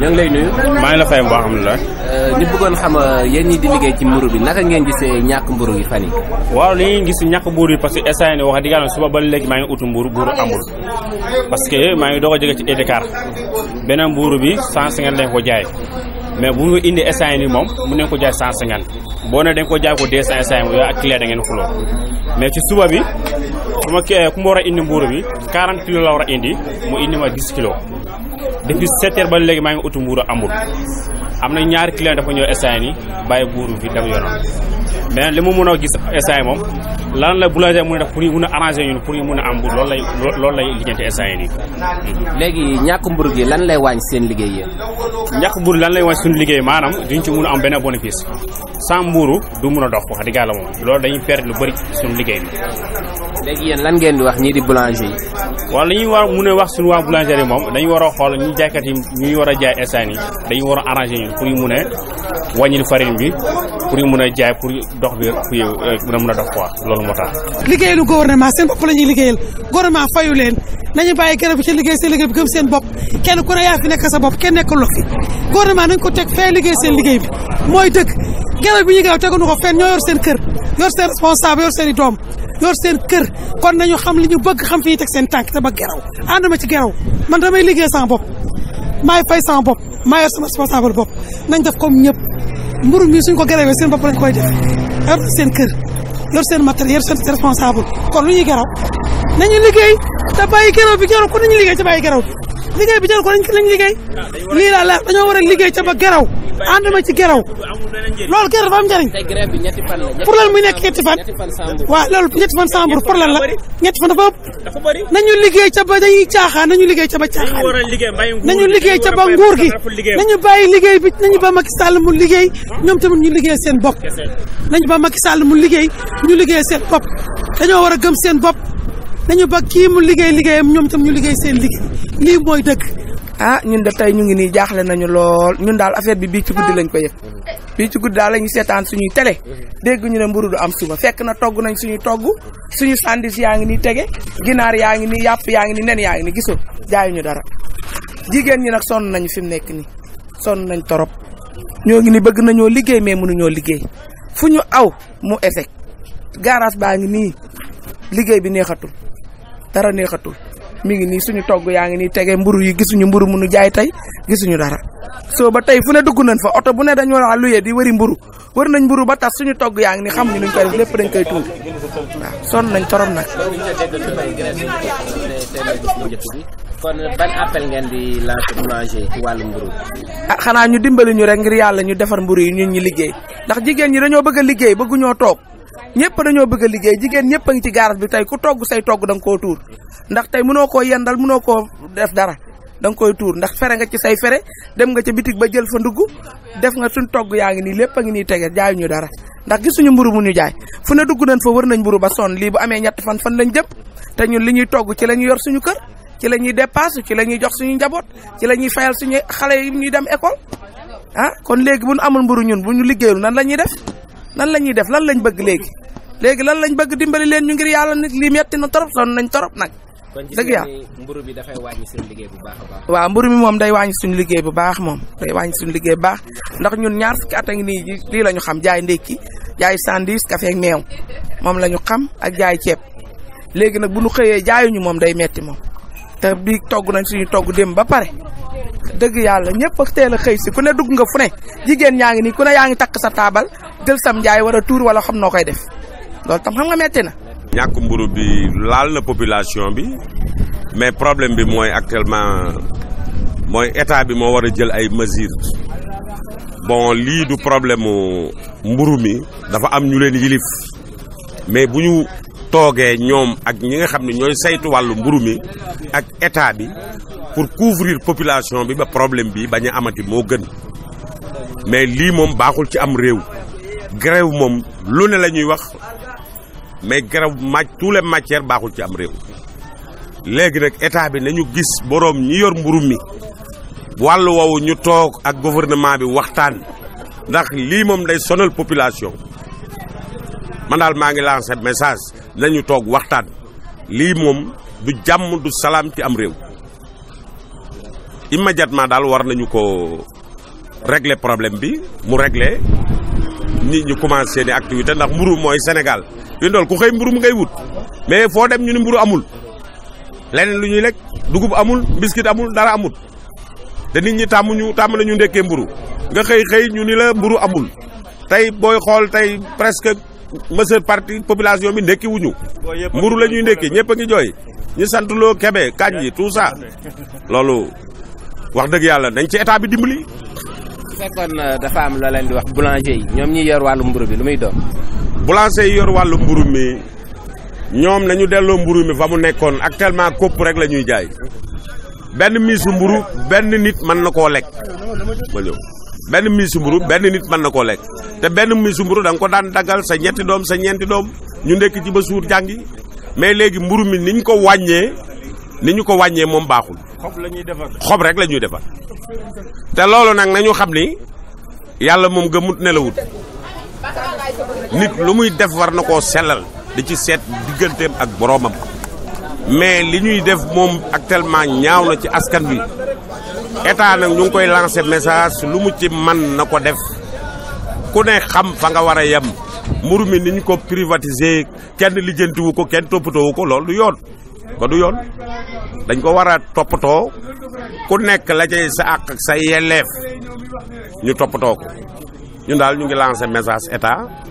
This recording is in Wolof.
yang ngi lay nuyu maa ngi la fay bu baax alhamdulilah euh, ñu bëggoon xam euh, yéen ñi di liggéey ci mburu bi naka ngeen gisee ñàkk mburu yi fan yi waaw li ngeen gis ñàkk mburu yi parce que instant wax dëgg suba ba léegi maa ngi utu mburu mburu amul parce que maa ngi doog a jóge ci Edekar beneen mburu bi 150 lañ ko jaay mais bu ñu indi instant ni moom mu ne ko jaay 150 boo ne dañ ko jaay ko 200 instant mu ak clé da ngeen xuloo mais ci suba bi su ma ku ma war a indi mburu bi 40 kilo la war a indi mu indi ma 10 kilo depuis sept heures ba léegi maa ngi utu mbuuru amul am na ñaari client dafa ñëw essayé ni bàyyi buuru fi dem yoonam mais li mu mun a gis essayé moom lan la boulanger mën a def pour ñu mën a arrangé pour ñu mën a am mbuur loolu lay loolu lay lijjanti ñàkk mburu gi lan lay wàññi seen liggéey yéen ñàkk mburu lan lay wàññi suñu liggéey maanaam duñ ci mun a am benn bénéfice sans mbuuru du mun a dox wax dëgg moom loolu dañuy perdre lu bari suñu liggéey bi légui yeen lan ngeen di wax ñi di boulanger wala ñi war mu ne wax suñu wa boulanger mom moom dañu war a xool ñu jaaykat yi ñu war jaay esaan yi dañu war a arrangé pour mu ne a farine bi pour mu ne jaay pour dox bi pour yow mu ne mu dox quoi lolu moo tax liggéeyalu gouvernement seen bop la ñuy liggéeyal gouvernement fayu leen nañu bàyyi garab ci liggéey seen liggéey bi gëm seen bopp kenn ku ne yaa fi nekk sa bopp kenn lu fi gouvernement nañ ko teg fee liggéey seen liggéey bi mooy dëkk garab bi ñu gaaw tegunu ko fenn ñoo yor seen kër yor seen responsable yor seen doom yor seen kër kon nañu xam li ñu bëgg xam fi ñu teg seen tànk te ba geraw ànd ma ci geraw man damay liggéey sama bopp maay fay sama bopp maa yor sama responsable bopp nañ def comme ñëpp mburu mi suñ ko gerawee seen bopp lañ koy def yor seen kër yor seen matériel responsable kon lu ñuy geraw nañu liggéey te bàyyi geraw bi geraw kon nañu liggéey te bàyyi geraw bi liggéey bi jarul ko nañ liggéey lii laa la dañoo war a liggéey ca ba geraw ànd ma ci geraw loolu geraw dafa am njëriñ pour lan muy nekk ñetti fan waaw loolu ñetti fan sàmbur pour lan la ñetti fan dafa ëpp nañu liggéey ca ba dañuy caaxaan nañu liggéey liggéey ca ba nguur gi nañu bàyyi liggéey bi nañu ba Macky Sall mu liggéey ñoom tamit ñu liggéey seen bopp nañu ba Macky Sall mu liggéey ñu liggéey seen bopp dañoo war a gëm seen bopp nañu ba kii mu liggéey liggéeyam ñoom tam ñu liggéey seen liggéey lii mooy dëgg ah ñun de tey ñu ngi nii jaaxle nañu lool ñun daal affaire bi bii ci guddi lañ ko yëg bii ci guddi daal lañu seetaan suñuy télé dégg ñu sunyi mburu du am suba fekk na togg nañ suñuy togg suñu sandis yaa ngi nii tege ginaar yaa ngi nii yàpp yaa ngi nii nen yaa ngi nii gisoo jaayuñu dara jigéen ñi nag sonn nañu fi nekk nii nañ torop ñoo ngi ni bëgg nañoo liggéey mais mënuñoo liggéey fu aw mu effect garage baa ngi nii liggéey bi neexatul dara neexatul mi ngi ni suñu togg yaa ngi nii tege mburu yi gisuñu mburu munu jaay tey gisuñu dara so ba tey fu ne dugg nañ fa oto bu ne dañu war luye di wëri mburu wër nañ mburu ba tax suñu togg yaa ngi xam xamuñu nuñ koy def lépp dañ koy tuur waaw sonn nañ torom nag kon ban appel ngeen di lancer boulanger ci walu mburu ah xana ñu dimbali ñu rek ngir yalla ñu defar mburu yi ñun ñi liggéey ndax jigéen ñi dañoo bëgg liggéey bëggu ñoo toog ñepp dañoo bëgg liggéey jigéen ñepp a ngi ci garage bi tay ku togg say togg dang ko tour ndax tay mëno ko yendal mëno ko def dara dang koy tour ndax fere nga ci say fere dem nga ci bitik ba jël fa ndugg def nga suñ togg yaangi ni lepp lépp a ngi nii tege jaay ñu dara ndax gisunu mburu mu ñu jaay fu ne dugg nañ fa wër nañ mburu ba son li bu amé ñatt fan fan lañ jëm té ñun li ñuy togg ci lañ yor suñu kër ci la ñuy dépasse ci la ñuy jox suñu njabot ci la ñuy fayal suñu xalé yi ñuy dem école ah kon légui bu ñu amul mburu ñun bu ñu liggéeyul nan la ñuy def nan def lan lañ bëgg légui léegi lan lañ bëgg dimbali leen ñu ngir yàlla nit lii metti na torop sonn nañ torop nag. dëgg yàlla kon mburu bi dafay wàññi suñu liggéey bu a baax. waaw mi moom day wàññi suñu liggéey bu baax moom day wàññi suñu liggéey baax ndax ñun ñaar fukki at a ngi nii lii la ñu xam jaay ndékki jaay sandwich café ak meew moom la ñu xam ak jaay ceeb léegi nag bu ñu xëyee jaayuñu moom day metti moom te bii togg nañ suñu togg dem ba pare dëgg yàlla ñëpp ak teel a xëy si ku ne dugg nga fu ne jigéen ñaa ngi nii ku ne yaa ngi takk sa taabal jël sam njaay war a tuur wala xam noo koy def loolu tam xam nga metti na. ñàkk mburu bi laal na population bi mais problème bi mooy actuellement mooy état bi moo war a jël ay mesures bon lii du problème mburu mi dafa am ñu leen yilif mais bu ñu toogee ñoom ak ñi nga xam ne ñooy saytu wàllu mburu mi ak état bi pour couvrir population bi ba problème bi bañ amati moo gën mais lii moom baaxul ci am réew grève moom lu ne la ñuy wax mais garab maj tous les matières baaxul ci am réew léegi nag état bi nañu gis boroom ñi yor mburu mi wàllu woowu ñu toog ak gouvernement bi waxtaan ndax lii moom day sonal population man daal maa ngi lancé message nañu toog waxtaan lii moom du jàmm du salaam ci am réew immédiatement daal war nañu ko régler problème bi mu régler nit ñu commencé ni activité ndax mburu mooy Sénégal yéen ku xey mburu ngay wut mais fo dem ñu ni mburu amul leneen lu ñuy lek dugub amul biscuit amul dara amul te nit ñi tamu ñu tàmm nañu ndeké mburu nga xey xey ñu ni la mburu amul tay boy xol tay presque monsieur parti population mi ndekki wuñu mburu la ñuy ndekki ñëpp a ngi jooy ñu santloo kebe kañ yi tout ça lolu wax deug yalla dañ ci état bi dimbali. fekkon euh, dafa am loo leen di wax boulanger ñom ñi yor walu mburu bi lu muy doon. boulanger yi yor wàllu mburu mi ñoom nañu delloo mburu mi fa mu nekkoon actuellement kopp rek la ñuy jaay benn miisu mburu benn nit mën na koo lekk ma ñëw benn miisu mburu benn nit man na koo lekk te benn miisu mburu da nga ko daan daggal sa ñetti doom sa ñeenti doom ñu nekk ci ba suur jàngi mais léegi mburu mi niñ ko wàññee ni ñu ko wàññee moom baaxul. xob la ñuy defar xob rek la ñuy defar te loolu nag nañu xam ni yàlla moom gëmut nelawut nit lu muy def war na koo selal di ci seet digganteem ak boroomam mais li ñuy def moom actuellement ñaaw na ci askan bi état nag ñu koy lancer message lu mu ci man na ko def ku ne xam fa nga war a yem mburu mi ni ko privatiser kenn lijjantiwu ko kenn toppatoowu ko loolu du yoon ko du yoon dañ ko war a toppatoo ku nekk la cay sa àq ak sa yelleef ñu toppatoo ko ñun daal ñu ngi lancé message état